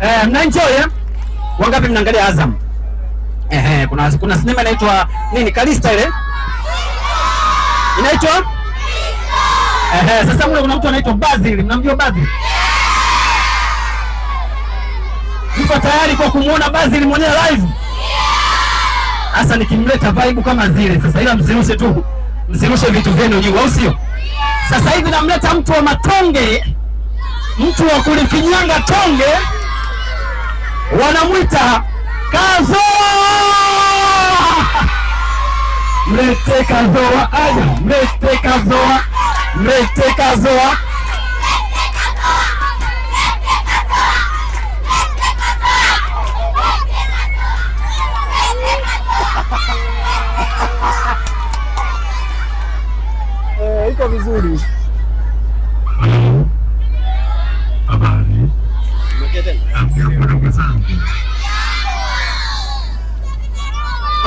Eh, mnaenjoy eh? Wangapi mnaangalia Azam? Eh, eh, kuna kuna sinema inaitwa nini? Kalista ile? Inaitwa? Eh, eh, sasa mbona kuna mtu anaitwa Basil, mnamjua Basil? Niko tayari kwa kumuona Basil mwenyewe live? Sasa nikimleta vibe kama zile sasa, ila mzirushe tu, Mzirushe vitu vyenu juu, au sio? Sasa hivi namleta mtu wa matonge, mtu wa kulifinyanga tonge Yeah wanamwita Kazoa, mlete Kazoa, aya, mlete Kazoa, mlete Kazoa.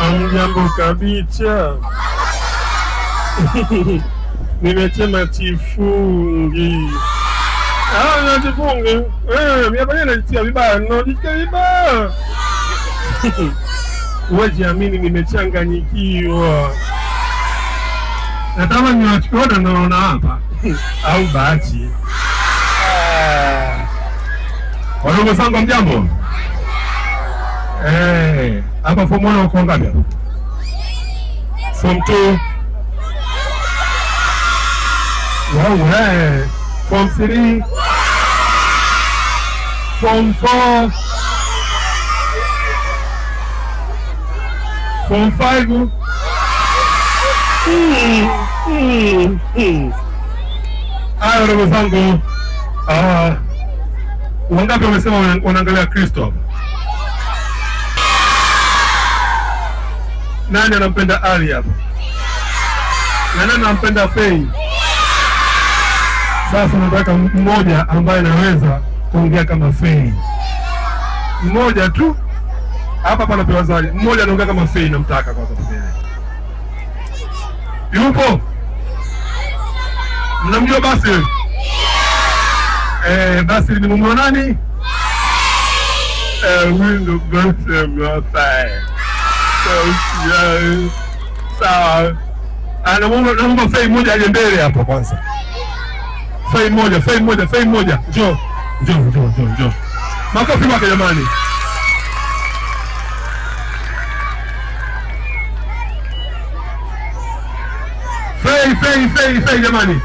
Hamjambo kabisa. Nimesema chifungi ana ah, chifungi eh, miapane najitia vibaya, najitia vibaya uwezi amini, nimechanganyikiwa. Nataka niwachukue na naona hapa au bahati. Ah. Wadogo zangu, mjambo. Eh, hapa form 1 uko ngapi? Form 2. Wow, eh. Form 3. Form 4. Form 5. Haya ndugu zangu. Ah, wangapi wamesema wanaangalia Kristo hapa? Nani anampenda Ali hapa? Na nani anampenda Fei? Sasa nataka mmoja ambaye anaweza kuongea kama Fei, mmoja tu hapa pana anapewa Mmoja anaongea kama Fei, namtaka kwanza. Yupo? Mnamjua basi Eh, basi ni mume wa nani? Eh, windo gote mwafai Sawa, anaomba naomba fei moja aje mbele hapo kwanza. Fei moja, fei moja, fei moja, njoo njoo njoo njoo. Makofi kwake jamani. Fei fei fei fei jamani.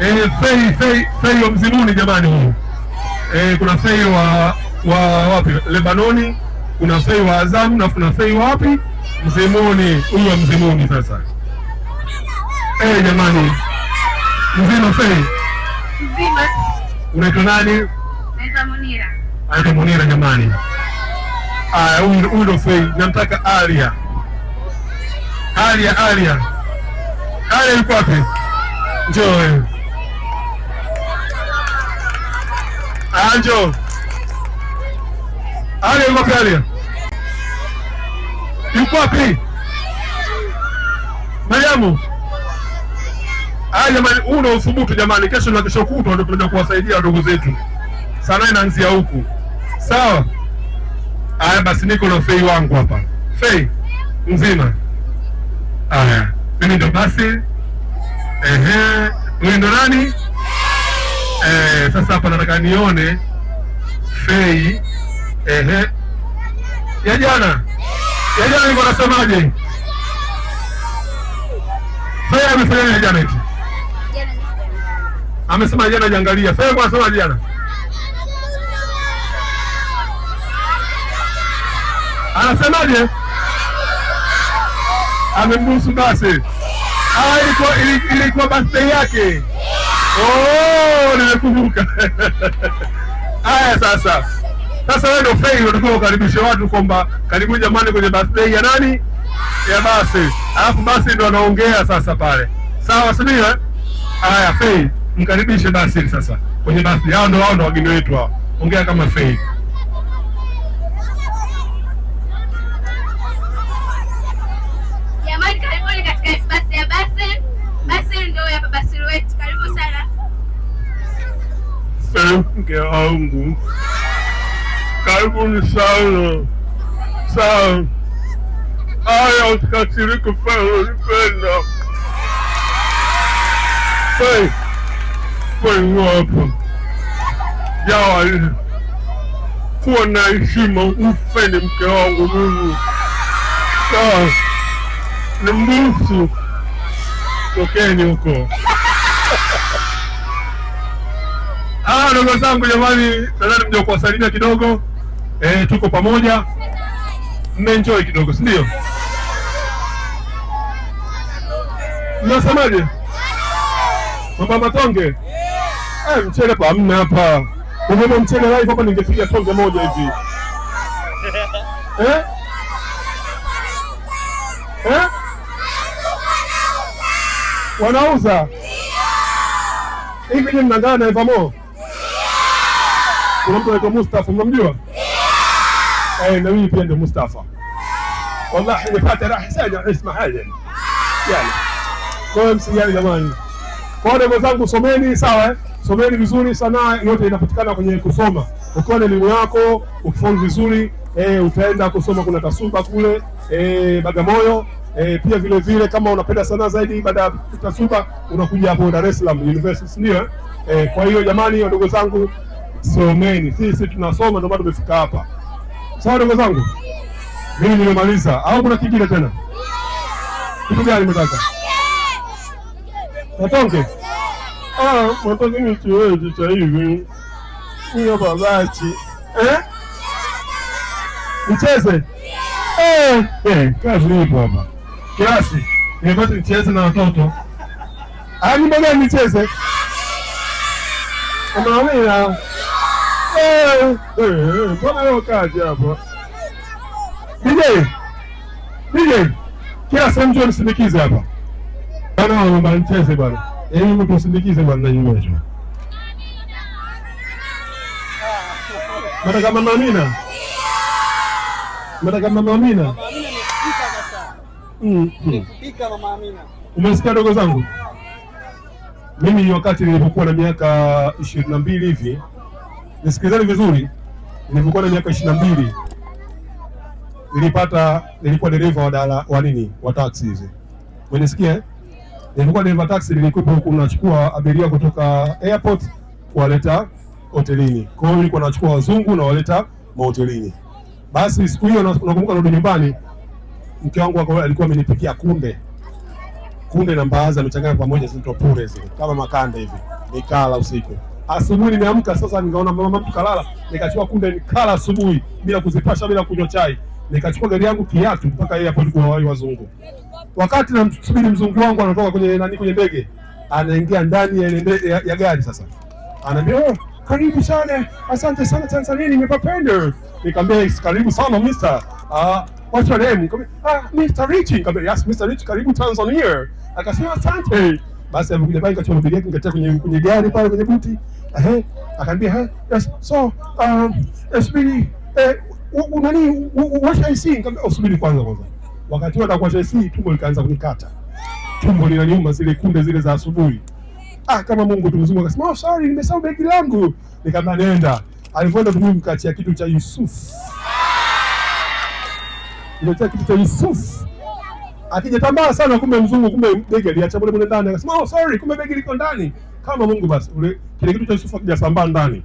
Eh, fei fei fei wa mzimuni jamani huyu. Eh, kuna fei wa wa wapi? Lebanoni, kuna fei wa Azamu na kuna fei wa Mzimuni huyo, mzimuni sasa. Eh, jamani, mzima fei? Mzima. Unaitwa nani? Naitwa Munira. Anaitwa Munira, jamani. Aya, huyu ndo fei, Namtaka Alia. Alia, Alia. Alia yuko wapi? Njoo wewe. Anjo. Alia yuko wapi Alia? yuko wapi? Mariamu, jamani, huu ndio uthubutu jamani. Kesho na kesho kutwa ndio tunaenda kuwasaidia ndugu zetu, sanaa inaanzia huku, sawa? aya basi, niko na Fei wangu hapa, Fei mzima. aya mimi ndo basi, ehe, huyu ndo nani? Eh, sasa hapa nataka nione Fei, ehe, ya jana Janet wanasemaje? Fea amefanya na Janet amesema jana, jiangalia. Fea anasema jana, anasemaje? Amembusu basi. Ah, ilikuwa birthday yake. Oh, nimekumbuka. Haya sasa sasa wewe ndio fail, unatakiwa ukaribishe watu kwamba karibu jamani kwenye birthday ya nani ya basi, alafu basi ndio anaongea sasa pale, sawa Samia? Eh? Haya, fail, mkaribishe basi sasa kwenye basi. Hao ndio hao ndio wageni wetu hao, ongea kama fail. Eh, mke wangu. Karibuni sana sana. Aya, usikasirike fanaipenda feiwapa jawali kuwa na heshima, ufeni mke wangu mimi sawa, ni mbusu tokeni huko. Ah, ndugu zangu jamani, nadhani mja kidogo e, tuko pamoja, mmenjoi kidogo, si ndio? Mnasemaje mama matonge? Eh, mchele kwa mna hapa. Ungema mchele live hapa, ningepiga tonge moja hivi eh? Eh? Wanauza hivi ni mnangana na Ivamo. Kuna mtu anaitwa Mustafa, mnamjua? eh, na mimi pia ndio Mustafa. Wallahi nipate raha sana isma haya yani, kwa hiyo msijali jamani. Kwa hiyo ndugu zangu, someni sawa eh? Someni vizuri, sanaa yote inapatikana kwenye kusoma. Ukiwa na elimu yako ukifaulu vizuri eh, utaenda kusoma, kuna tasuba kule eh, Bagamoyo eh, pia vile vile kama unapenda sanaa zaidi, baada ya tasuba unakuja hapo Dar es Salaam University, si ndio eh? eh? Kwa hiyo jamani, ndugu zangu, someni. Sisi tunasoma, ndio maana tumefika hapa. Sawa ndugu zangu, mimi nimemaliza, au kuna kingine tena? Kitu gani mtaka Ah, natonge nataka nichiweji cha hivi hiyo babachi eh? nicheze eh, eh, kazi ipo hapa kiasi nimepata nicheze na watoto ani mbona nicheze amawia Mbona leo kazi hapa? DJ. DJ. Kila sehemu tu nisindikize hapa. Bana naomba nicheze bwana. Yaani mtu usindikize bwana na nyumba Mata kama Mamina. Mata kama Mamina. Mm. Umesikia dogo zangu? Mimi wakati nilipokuwa na miaka ishirini na mbili hivi nisikilizeni vizuri, nilivyokuwa na miaka ishirini na mbili nilipata, nilikuwa dereva wa dala wa nini wa taxi hizi, umenisikia? Nilikuwa dereva taxi, nilikuwa huku nachukua abiria kutoka airport kuwaleta hotelini. Kwa hiyo nilikuwa nachukua wazungu na waleta mahotelini. Basi siku hiyo nakumbuka, narudi nyumbani, mke wangu alikuwa amenipikia kunde kunde na mbaazi amechanganya pamoja, zinatopure zile kama makanda hivi, nikala usiku Asubuhi nimeamka sasa, nikaona mama mtu kalala, nikachukua kunde nikala asubuhi bila kuzipasha, bila kunywa chai, nikachukua gari yangu kiatu mpaka yeye hapo alikuwa wali wazungu. Wakati namsubiri mzungu wangu anatoka kwenye nani, kwenye ndege, anaingia ndani ya ya, ya gari sasa, anaambia oh, karibu sana, asante sana Tanzania, nimepapenda. Nikamwambia karibu sana mister, ah what's your name? Nikamwambia ah, Mr Richie. Nikamwambia yes Mr Richie, karibu Tanzania. Akasema asante. Basi amekuja pale kachukua mabegi yake nikatia kwenye kwenye gari pale kwenye buti. Ehe, akaambia ha, yes, so um subiri eh unani washa IC nikamwambia usubiri kwanza kwanza. Wakati wa kuwasha IC tumbo likaanza kunikata. Tumbo linaniuma zile kunde zile za asubuhi. Ah, kama Mungu tumzungu akasema, "Oh sorry, nimesahau begi langu." Nikamwambia nenda. Alivyoenda kumimi mkatia kitu cha Yusuf. Nikatia kitu cha Yusuf akijatambaa sana, kumbe mzungu, kumbe begi aliacha mule mule ndani, akasema oh sorry, kumbe begi liko ndani. Kama Mungu basi, ule kile kitu cha Yusufu kijasambaa ndani,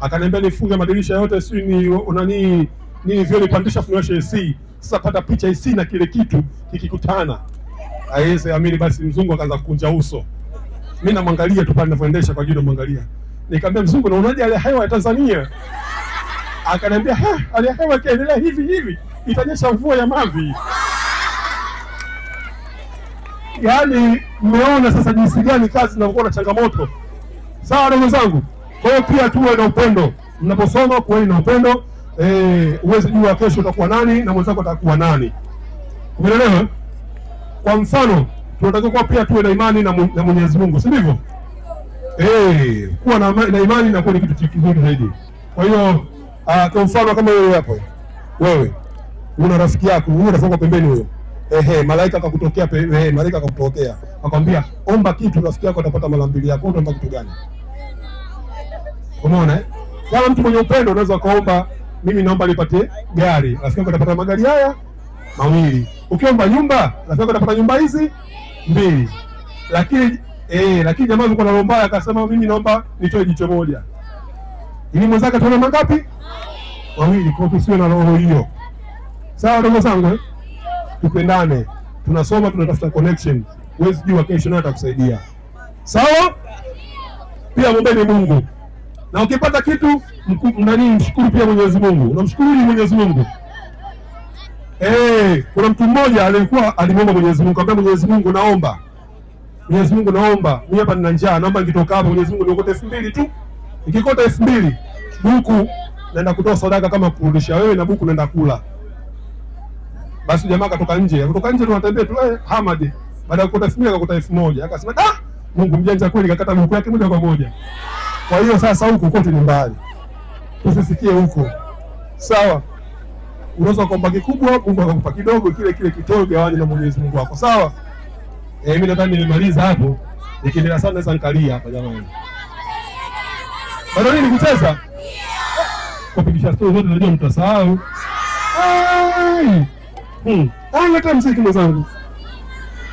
akaniambia nifunge madirisha yote, si ni unani ni vile nipandisha fungashe AC. Sasa pata picha AC na kile kitu kikikutana, aise amini. Basi mzungu akaanza kukunja uso, mimi namwangalia tu pale ninavyoendesha kwa jicho mwangalia. nikamwambia mzungu, unaonaje hali ya hewa ya Tanzania? Akaniambia hali ya hewa ikiendelea hivi hivi itanyesha mvua ya mavi yaani mmeona sasa jinsi gani kazi inakuwa na changamoto. Sawa ndugu zangu, kwa hiyo pia tuwe na upendo mnaposoma, kuweni na upendo eh, uwezi jua kesho utakuwa nani na mwenzako atakuwa nani, umeelewa? Kwa mfano tunatakiwa kuwa pia tuwe na imani na Mwenyezi Mungu, si ndivyo? Eh, kuwa na, na imani na kuwa ni kitu kizuri zaidi. Kwa hiyo ah, kwa mfano kama wewe hapo, wewe una rafiki yako, huyo rafiki yako pembeni huyo ehe, malaika akakutokea, ehe, malaika akakutokea akamwambia, omba kitu, rafiki yako atapata mara mbili yako. Utaomba kitu gani? Umeona eh? Kama mtu mwenye upendo unaweza kaomba, mimi naomba nipate gari, rafiki yako atapata magari haya mawili. Ukiomba nyumba, rafiki yako atapata nyumba hizi mbili. Lakini eh, lakini jamaa alikuwa anaomba akasema, mimi naomba nitoe jicho moja, ili mwenzake tuone mangapi? Mawili. Kwa hiyo na roho hiyo, sawa ndugu zangu eh? tupendane, tunasoma tunatafuta connection. Huwezi jua kesho nani atakusaidia, sawa? Pia mwombeni Mungu na ukipata kitu nani, mshukuru pia Mwenyezi Mungu. Unamshukuru ni Mwenyezi Mungu. Hey, eh, kuna mtu mmoja alikuwa alimwomba Mwenyezi Mungu, akamwambia Mwenyezi Mungu, naomba Mwenyezi Mungu, naomba mimi hapa nina njaa, naomba nikitoka hapa Mwenyezi Mungu niokote 2000 tu, nikikota 2000 mbili buku naenda kutoa sadaka kama kurudisha wewe, na buku naenda kula basi jamaa akatoka nje, akatoka nje tunatembea tu eh, Hamad baada ya kukuta simia akakuta 1000 akasema da, Mungu mjanja kweli, kakata mikono yake moja kwa moja. Kwa hiyo sasa huko kote ni mbali, usisikie huko sawa. Unaweza kuomba kikubwa, Mungu akakupa kidogo, kile kile kitoe, gawani na Mwenyezi Mungu wako sawa. Eh, mimi nadhani nimemaliza hapo, nikiendelea sana naweza nikalia hapa jamani. Bado nini kucheza kupigisha stori zote, unajua mtasahau. Ah! Hmm. Leta mziki mwenzangu